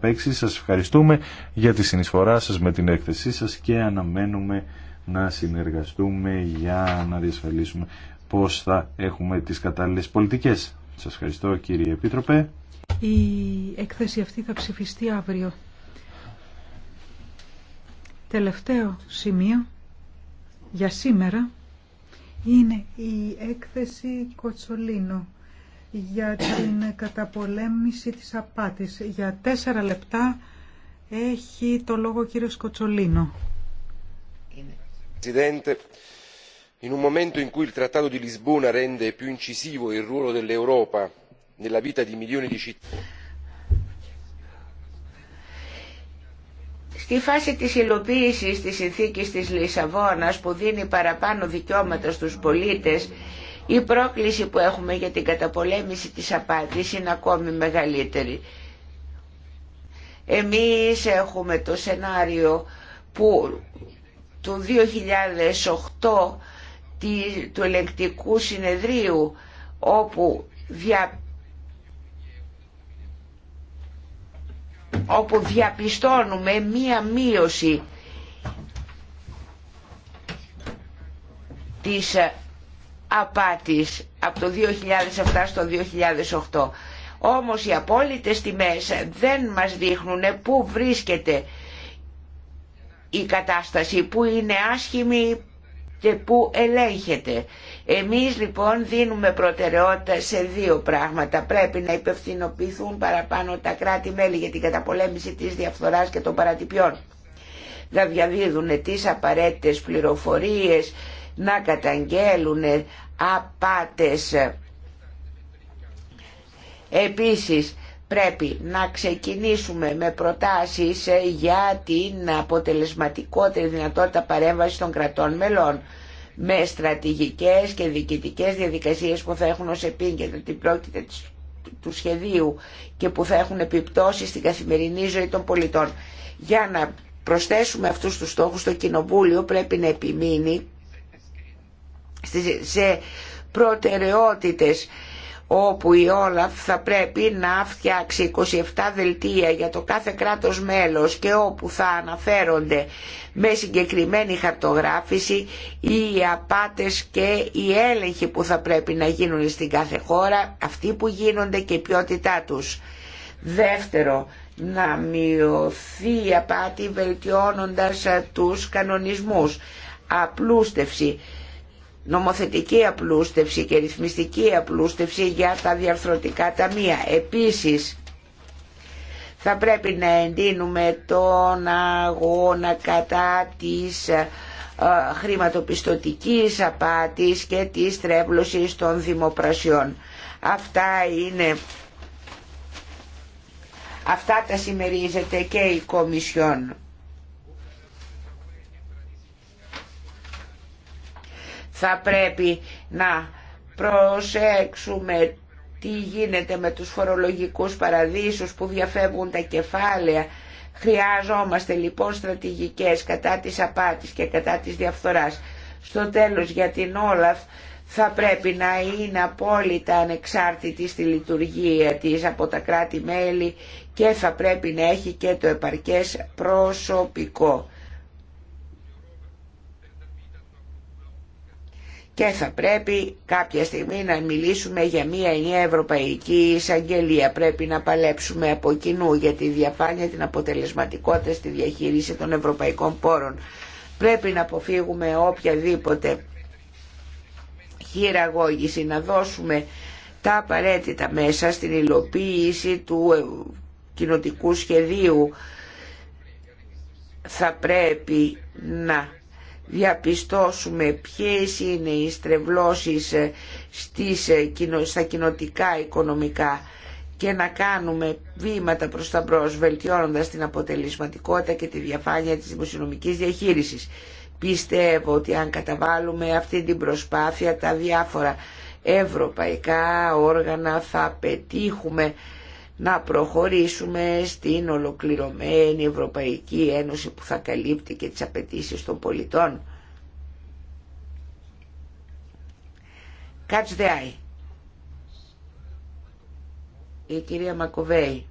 παίξει. Σας ευχαριστούμε για τη συνεισφορά σας με την έκθεσή σας και αναμένουμε να συνεργαστούμε για να διασφαλίσουμε πώς θα έχουμε τις κατάλληλες πολιτικές. Σας ευχαριστώ κύριε Επίτροπε. Η έκθεση αυτή θα ψηφιστεί αύριο. Τελευταίο σημείο για σήμερα είναι η έκθεση Κοτσολίνο για την καταπολέμηση της απάτης. Για τέσσερα λεπτά έχει το λόγο ο κύριος Κοτσολίνο. Presidente, in un momento in cui il Trattato di Lisbona rende più incisivo il ruolo dell'Europa nella vita di milioni di cittadini. Στη φάση της υλοποίησης της συνθήκης της Λισαβόνας που δίνει παραπάνω δικαιώματα στους πολίτες η πρόκληση που έχουμε για την καταπολέμηση της απάτης είναι ακόμη μεγαλύτερη. Εμείς έχουμε το σενάριο που του 2008 του ελεγκτικού συνεδρίου όπου δια όπου διαπιστώνουμε μία μείωση της απάτης από το 2007 στο 2008. Όμως οι απόλυτες τιμές δεν μας δείχνουν πού βρίσκεται η κατάσταση, πού είναι άσχημη και πού ελέγχεται. Εμείς λοιπόν δίνουμε προτεραιότητα σε δύο πράγματα. Πρέπει να υπευθυνοποιηθούν παραπάνω τα κράτη-μέλη για την καταπολέμηση της διαφθοράς και των παρατυπιών. Να διαδίδουν τις απαραίτητες πληροφορίες να καταγγέλουν απάτες. Επίσης πρέπει να ξεκινήσουμε με προτάσεις για την αποτελεσματικότερη δυνατότητα παρέμβαση των κρατών μελών με στρατηγικές και διοικητικές διαδικασίες που θα έχουν ως επίγγελμα την πρόκειται του σχεδίου και που θα έχουν επιπτώσει στην καθημερινή ζωή των πολιτών. Για να προσθέσουμε αυτούς τους στόχους στο Κοινοβούλιο πρέπει να επιμείνει σε προτεραιότητες όπου η Όλαφ θα πρέπει να φτιάξει 27 δελτία για το κάθε κράτος μέλος και όπου θα αναφέρονται με συγκεκριμένη χαρτογράφηση οι απάτες και οι έλεγχοι που θα πρέπει να γίνουν στην κάθε χώρα, αυτοί που γίνονται και η ποιότητά τους. Δεύτερο, να μειωθεί η απάτη βελτιώνοντας τους κανονισμούς. Απλούστευση νομοθετική απλούστευση και ρυθμιστική απλούστευση για τα διαρθρωτικά ταμεία. Επίσης, θα πρέπει να εντείνουμε τον αγώνα κατά της ε, χρηματοπιστωτικής απάτης και της τρέβλωσης των δημοπρασιών. Αυτά είναι... Αυτά τα συμμερίζεται και η Κομισιόν. θα πρέπει να προσέξουμε τι γίνεται με τους φορολογικούς παραδείσους που διαφεύγουν τα κεφάλαια. Χρειάζομαστε λοιπόν στρατηγικές κατά της απάτης και κατά της διαφθοράς. Στο τέλος για την Όλαφ θα πρέπει να είναι απόλυτα ανεξάρτητη στη λειτουργία της από τα κράτη-μέλη και θα πρέπει να έχει και το επαρκές προσωπικό. και θα πρέπει κάποια στιγμή να μιλήσουμε για μια ενιαία ευρωπαϊκή εισαγγελία. Πρέπει να παλέψουμε από κοινού για τη διαφάνεια, την αποτελεσματικότητα στη διαχείριση των ευρωπαϊκών πόρων. Πρέπει να αποφύγουμε οποιαδήποτε χειραγώγηση, να δώσουμε τα απαραίτητα μέσα στην υλοποίηση του κοινοτικού σχεδίου. Θα πρέπει να διαπιστώσουμε ποιες είναι οι στρεβλώσεις ε, στις, ε, στα κοινοτικά οικονομικά και να κάνουμε βήματα προς τα μπρος βελτιώνοντας την αποτελεσματικότητα και τη διαφάνεια της δημοσιονομικής διαχείρισης. Πιστεύω ότι αν καταβάλουμε αυτή την προσπάθεια τα διάφορα ευρωπαϊκά όργανα θα πετύχουμε να προχωρήσουμε στην ολοκληρωμένη Ευρωπαϊκή Ένωση που θα καλύπτει και τις απαιτήσει των πολιτών. Κάτσε. the Η κυρία Μακοβέη.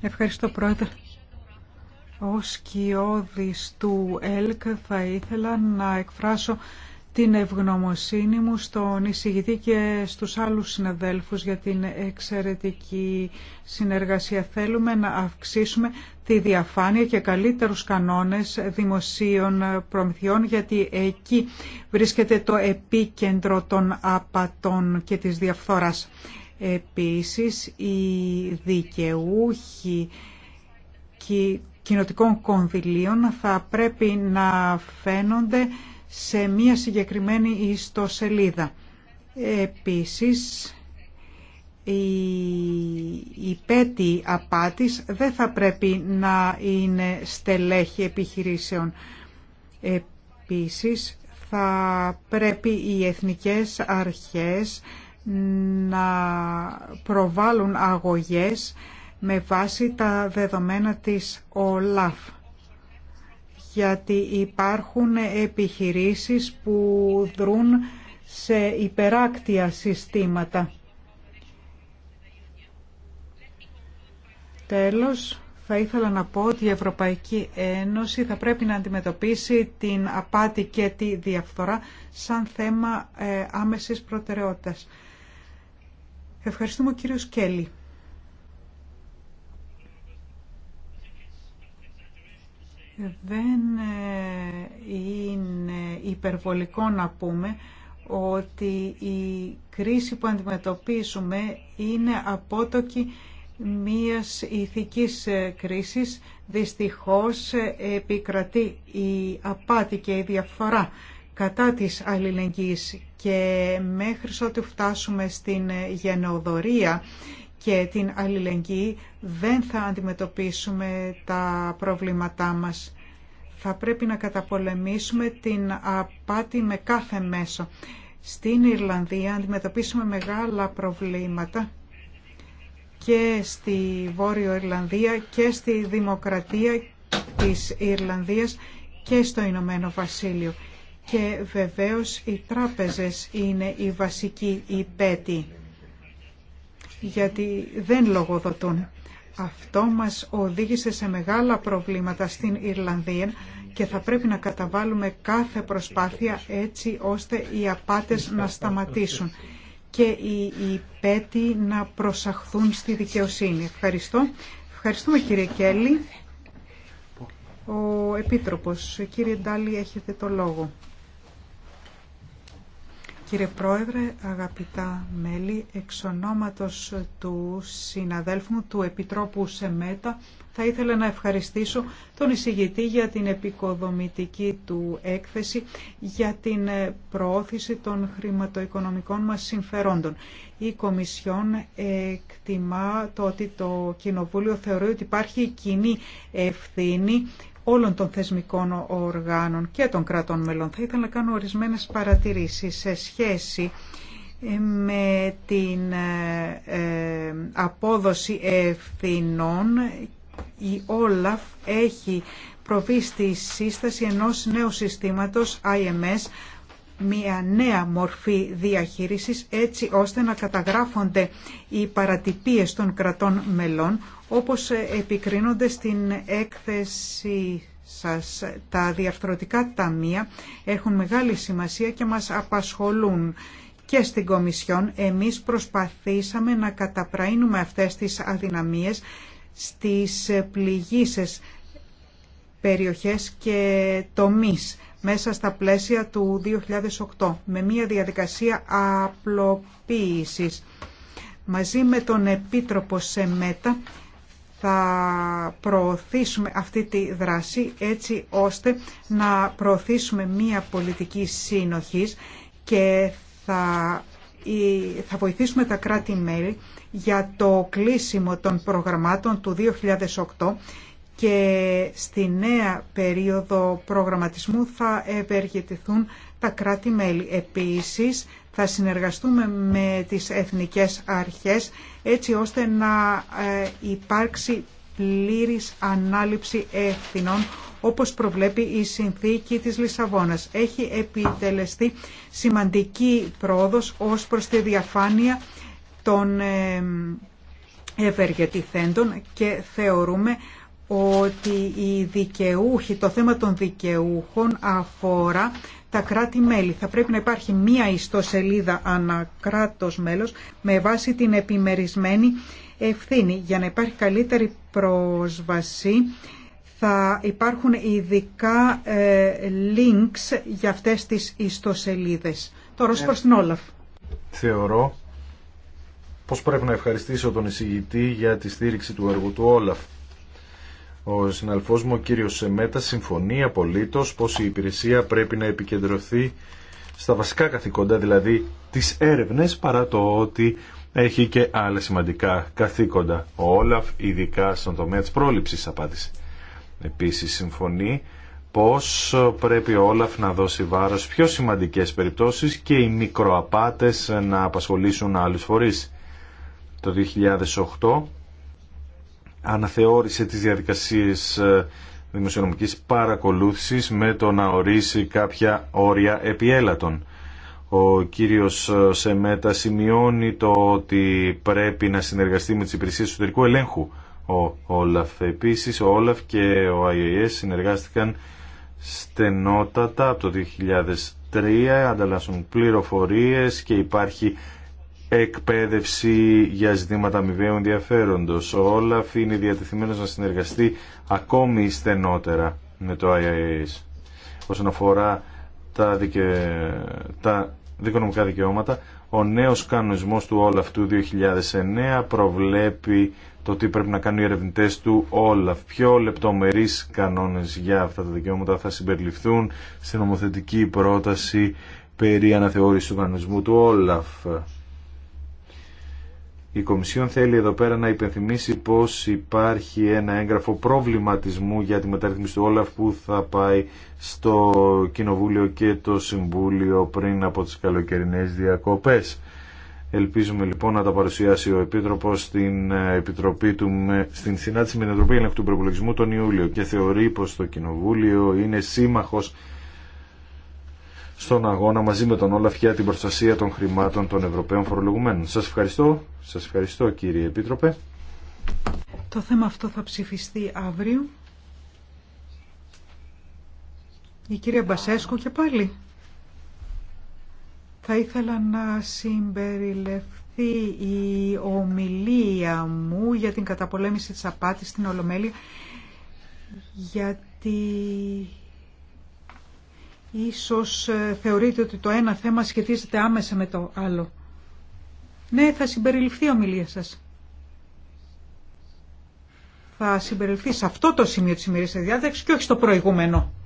Ευχαριστώ πρόεδρε. Ως κοιόδης του ΕΛΚ θα ήθελα να εκφράσω την ευγνωμοσύνη μου στον εισηγητή και στους άλλους συναδέλφους για την εξαιρετική συνεργασία. Θέλουμε να αυξήσουμε τη διαφάνεια και καλύτερους κανόνες δημοσίων προμηθειών γιατί εκεί βρίσκεται το επίκεντρο των απατών και της διαφθοράς. Επίσης, οι δικαιούχοι κοινοτικών κονδυλίων θα πρέπει να φαίνονται σε μία συγκεκριμένη ιστοσελίδα. Επίσης, η πέτη απάτης δεν θα πρέπει να είναι στελέχη επιχειρήσεων. Επίσης, θα πρέπει οι εθνικές αρχές να προβάλλουν αγωγές με βάση τα δεδομένα της ΟΛΑΦ γιατί υπάρχουν επιχειρήσεις που δρούν σε υπεράκτια συστήματα. Τέλος, θα ήθελα να πω ότι η Ευρωπαϊκή Ένωση θα πρέπει να αντιμετωπίσει την απάτη και τη διαφθορά σαν θέμα ε, άμεσης προτεραιότητας. Ευχαριστούμε κύριο Σκέλη. Δεν ε, είναι υπερβολικό να πούμε ότι η κρίση που αντιμετωπίζουμε είναι απότοκη μίας ηθικής ε, κρίσης. Δυστυχώς ε, επικρατεί η απάτη και η διαφορά κατά της αλληλεγγύης και μέχρι ότι φτάσουμε στην γενοδορία και την αλληλεγγύη δεν θα αντιμετωπίσουμε τα προβλήματά μας. Θα πρέπει να καταπολεμήσουμε την απάτη με κάθε μέσο. Στην Ιρλανδία αντιμετωπίσουμε μεγάλα προβλήματα και στη Βόρειο Ιρλανδία και στη Δημοκρατία της Ιρλανδίας και στο Ηνωμένο Βασίλειο. Και βεβαίως οι τράπεζες είναι η βασική υπέτη γιατί δεν λογοδοτούν. Αυτό μας οδήγησε σε μεγάλα προβλήματα στην Ιρλανδία και θα πρέπει να καταβάλουμε κάθε προσπάθεια έτσι ώστε οι απάτες να σταματήσουν και οι υπέτοι να προσαχθούν στη δικαιοσύνη. Ευχαριστώ. Ευχαριστούμε κύριε Κέλλη. Ο Επίτροπος, κύριε Ντάλη, έχετε το λόγο. Κύριε Πρόεδρε, αγαπητά μέλη, εξ του συναδέλφου του Επιτρόπου Σεμέτα, θα ήθελα να ευχαριστήσω τον εισηγητή για την επικοδομητική του έκθεση, για την ε, προώθηση των χρηματοοικονομικών μας συμφερόντων. Η Κομισιόν εκτιμά το ότι το Κοινοβούλιο θεωρεί ότι υπάρχει κοινή ευθύνη όλων των θεσμικών οργάνων και των κρατών μελών. Θα ήθελα να κάνω ορισμένες παρατηρήσεις σε σχέση ε, με την ε, ε, απόδοση ευθυνών. Η Όλαφ έχει προβεί στη σύσταση ενός νέου συστήματος IMS μία νέα μορφή διαχείρισης έτσι ώστε να καταγράφονται οι παρατυπίες των κρατών μελών όπως επικρίνονται στην έκθεση σας. Τα διαρθρωτικά ταμεία έχουν μεγάλη σημασία και μας απασχολούν και στην Κομισιόν. Εμείς προσπαθήσαμε να καταπραίνουμε αυτές τις αδυναμίες στις πληγήσεις περιοχές και τομείς μέσα στα πλαίσια του 2008 με μια διαδικασία απλοποίησης. Μαζί με τον Επίτροπο ΣΕΜΕΤΑ θα προωθήσουμε αυτή τη δράση έτσι ώστε να προωθήσουμε μια πολιτική σύνοχης και θα, θα βοηθήσουμε τα κράτη-μέλη για το κλείσιμο των προγραμμάτων του 2008 και στη νέα περίοδο προγραμματισμού θα ευεργετηθούν τα κράτη-μέλη. Επίσης, θα συνεργαστούμε με τις εθνικές αρχές έτσι ώστε να ε, υπάρξει πλήρης ανάληψη ευθυνών όπως προβλέπει η συνθήκη της Λισαβόνας. Έχει επιτελεστεί σημαντική πρόοδος ως προς τη διαφάνεια των ε, ευεργετηθέντων και θεωρούμε ότι οι δικαιούχοι, το θέμα των δικαιούχων αφορά τα κράτη-μέλη. Θα πρέπει να υπάρχει μία ιστοσελίδα ανά κράτος μέλος με βάση την επιμερισμένη ευθύνη. Για να υπάρχει καλύτερη πρόσβαση θα υπάρχουν ειδικά ε, links για αυτές τις ιστοσελίδες. Τώρα ως προς την ε, Όλαφ. Θεωρώ πως πρέπει να ευχαριστήσω τον εισηγητή για τη στήριξη του έργου του Όλαφ ο συναλφός μου, ο κύριος Σεμέτα, συμφωνεί απολύτως πως η υπηρεσία πρέπει να επικεντρωθεί στα βασικά καθήκοντα, δηλαδή τις έρευνες, παρά το ότι έχει και άλλα σημαντικά καθήκοντα. Ο Όλαφ, ειδικά στον τομέα της πρόληψης απάντησε. Επίσης συμφωνεί πως πρέπει ο Όλαφ να δώσει βάρος πιο σημαντικές περιπτώσεις και οι μικροαπάτες να απασχολήσουν άλλους φορείς. Το 2008 αναθεώρησε τις διαδικασίες ε, δημοσιονομικής παρακολούθησης με το να ορίσει κάποια όρια επιέλατων. Ο κύριος ε, Σεμέτα σημειώνει το ότι πρέπει να συνεργαστεί με τις υπηρεσίες εσωτερικού ελέγχου. Ο Όλαφ επίσης, ο Όλαφ και ο IAS συνεργάστηκαν στενότατα από το 2003, ανταλλάσσουν πληροφορίες και υπάρχει εκπαίδευση για ζητήματα αμοιβαίου ενδιαφέροντο. Ο Όλαφ είναι διατεθειμένος να συνεργαστεί ακόμη στενότερα με το IAS όσον αφορά τα, δικαι... τα δικονομικά δικαιώματα. Ο νέος κανονισμός του Όλαφ του 2009 προβλέπει το τι πρέπει να κάνουν οι ερευνητέ του Όλαφ. Πιο λεπτομερεί κανόνες για αυτά τα δικαιώματα θα συμπεριληφθούν στην νομοθετική πρόταση περί αναθεώρησης του κανονισμού του Όλαφ. Η Κομισιόν θέλει εδώ πέρα να υπενθυμίσει πως υπάρχει ένα έγγραφο προβληματισμού για τη μεταρρύθμιση του Όλαφ που θα πάει στο Κοινοβούλιο και το Συμβούλιο πριν από τις καλοκαιρινές διακοπές. Ελπίζουμε λοιπόν να τα παρουσιάσει ο Επίτροπο στην, ε, επιτροπή του, στην συνάντηση με την Επιτροπή Προπολογισμού τον Ιούλιο και θεωρεί πω το Κοινοβούλιο είναι σύμμαχο στον αγώνα μαζί με τον Όλαφ για την προστασία των χρημάτων των Ευρωπαίων φορολογουμένων. Σας ευχαριστώ. Σας ευχαριστώ κύριε Επίτροπε. Το θέμα αυτό θα ψηφιστεί αύριο. Η κυρία Μπασέσκο και πάλι. Θα ήθελα να συμπεριλευθεί η ομιλία μου για την καταπολέμηση της απάτης στην Ολομέλεια γιατί Ίσως ε, θεωρείτε ότι το ένα θέμα σχετίζεται άμεσα με το άλλο. Ναι, θα συμπεριληφθεί η ομιλία σας. Θα συμπεριληφθεί σε αυτό το σημείο της ημερής διάταξης και όχι στο προηγούμενο.